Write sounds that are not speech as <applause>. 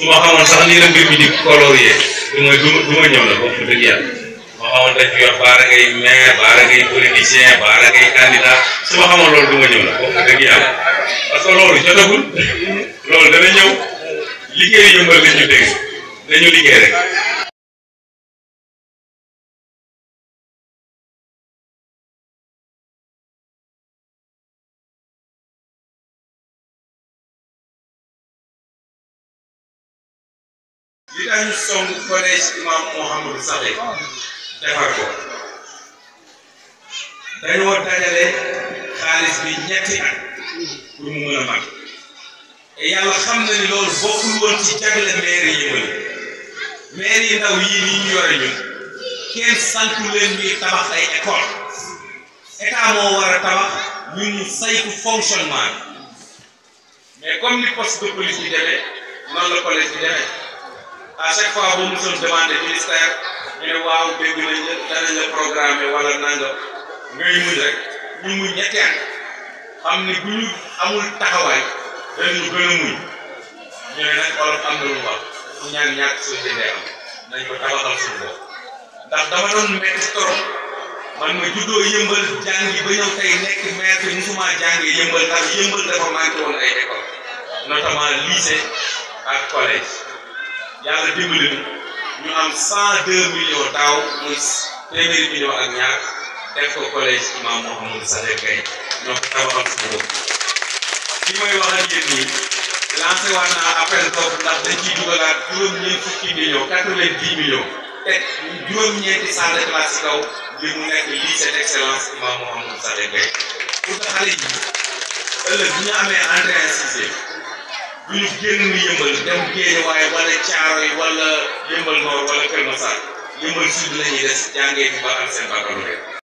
su ma xamoon sax nii la mbir mi di colorier du ma du ma ñëw nag wax dëgg yàlla ma xamoon dañ fi wax baara ngay maire baara ngay politicien baara ngay candidat su ma xamoon loolu du ma ñëw nag wax dëgg yàlla parce que loolu jotagul <laughs> loolu dana ñëw liggéey yëmbal la ñu dégg dañu liggéey rek. li tax ñu song collège imam Mouhamadou Sakhir defar ko dañoo dajale xaalis bi ñetti at pour mu mën a mat te yàlla xam na ni loolu bokkul woon ci jagle maire yi mooy ndaw yii nii yore ñun kenn santu leen ñuy tabax ay école état war a tabax ñun ñu saytu fonctionnement mais comme ni poste de police bi demee noonu la collège bi demee. à chaque fois bu ñu doon demandé ministère ñu ne waaw dégg nañ la danañ la programmé wala nangam ngay muñ rek ñu muñ ñetti at xam ne bu ñu amul taxawaay danañu gën a muñ ñu ne nag wolof am na lu mu wax ku ñaan ñàkk soo jëndee am nañ ko tabaxal suñu bopp ndax dama doon métti trop man ma juddoo yëmbal jàngi ba ñëw tey nekk maître musuma jàngi yëmbal ndax yëmbal dafa manqué woon ay école notamment lycée ak collège. yàlla dimbali ñu am cent deux millions daaw muy téeméeri millions ak ñaar def ko collège imam Mouhamadou Sadikh Gaye ñoo ko tabaxal suñu bopp li may wax ak yéen nii lancé waat appel boobu ndax dañ ciy dugalaat juróom-ñeent fukki millions quatre-vingt-dix millions teg juróom-ñeenti salle de classe ci kaw li mu nekk lycée d'excellence imam Mouhamadou Sadikh Gaye pour que xale yi ëllëg bu ñu amee entrée en ku ñu génn dem géej waaye wala caaro yi wala yëmbal noor wala Kër Masar yëmbal sud la ñuy des jàngee fi ba am seen